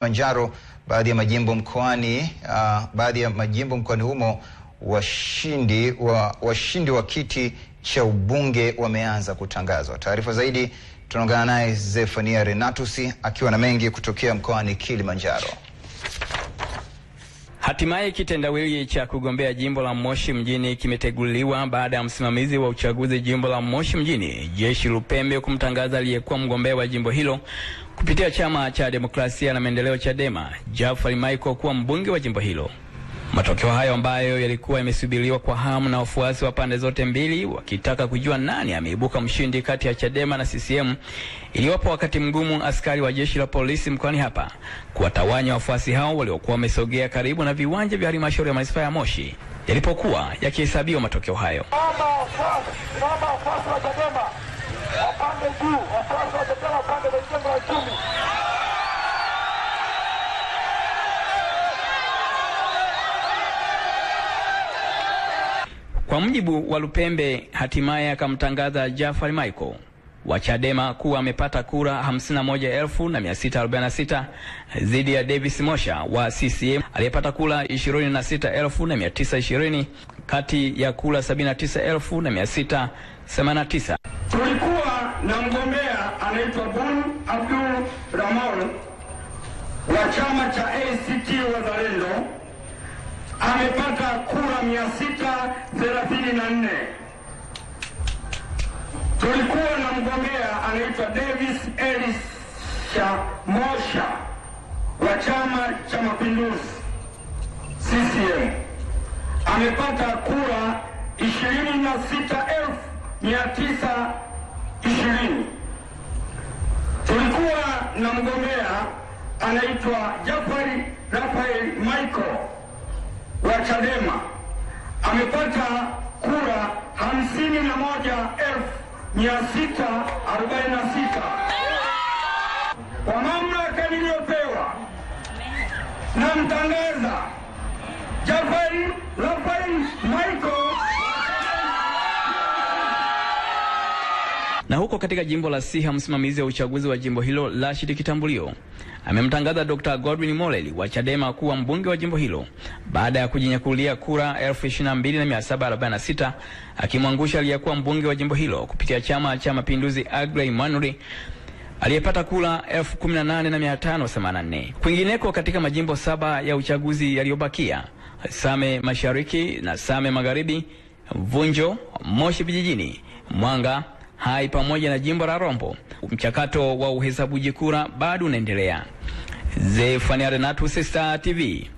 Kilimanjaro, baadhi ya majimbo mkoani uh, baadhi ya majimbo mkoani humo washindi wa, washindi wa kiti cha ubunge wameanza kutangazwa. Taarifa zaidi tunaungana naye Zefania Renatusi akiwa na mengi kutokea mkoani Kilimanjaro. Hatimaye kitendawili cha kugombea jimbo la Moshi mjini kimeteguliwa baada ya msimamizi wa uchaguzi jimbo la Moshi mjini Jeshi Lupembe kumtangaza aliyekuwa mgombea wa jimbo hilo kupitia chama cha demokrasia na maendeleo Chadema, Jafari Michael kuwa mbunge wa jimbo hilo. Matokeo hayo ambayo yalikuwa yamesubiriwa kwa hamu na wafuasi wa pande zote mbili, wakitaka kujua nani ameibuka mshindi kati ya Chadema na CCM, iliwapo wakati mgumu askari wa jeshi la polisi mkoani hapa kuwatawanya wafuasi hao waliokuwa wamesogea karibu na viwanja vya halmashauri ya manispaa ya Moshi yalipokuwa yakihesabiwa matokeo hayo. Mama, wafuasi, mama, wafuasi wa Chadema, wapande juu, wafuasi wa Chadema. Kwa mjibu wa Lupembe, hatimaye akamtangaza Jafari Michael wa Chadema kuwa amepata kura 51,646 dhidi ya Davis Mosha wa CCM aliyepata kura 26,920 kati ya kura 79,689. Tulikuwa na mgombea anaitwa Bon Abdul Ramon wa chama cha ACT amepata kura mia sita thelathini na nne. Tulikuwa na mgombea anaitwa Davis Elisha Mosha wa Chama cha Mapinduzi CCM amepata kura ishirini na sita elfu mia tisa ishirini. Tulikuwa na mgombea anaitwa Jafari Rafael Michael wa Chadema amepata kura hamsini na moja elfu mia sita arobaini na sita kwa mamlaka niliyopewa, namtangaza Na huko katika jimbo la Siha, msimamizi wa uchaguzi wa jimbo hilo Rashid Kitambulio amemtangaza Dr. Godwin Moleli wa Chadema kuwa mbunge wa jimbo hilo baada ya kujinyakulia kura 22,746 akimwangusha aliyekuwa mbunge wa jimbo hilo kupitia Chama cha Mapinduzi Agra Imanuli aliyepata kura 18,584. Kwingineko katika majimbo saba ya uchaguzi yaliyobakia, Same Mashariki na Same Magharibi, Vunjo, Moshi Vijijini, Mwanga Hai pamoja na jimbo la Rombo. Mchakato wa uhesabuji kura bado unaendelea. Zefania Renatu, Star TV.